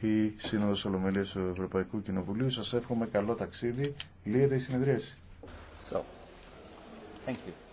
η Σύνοδος Ολομελίας του Ευρωπαϊκού Κοινοβουλίου. Σας εύχομαι καλό ταξίδι. Λύεται η συνεδρίαση. thank you.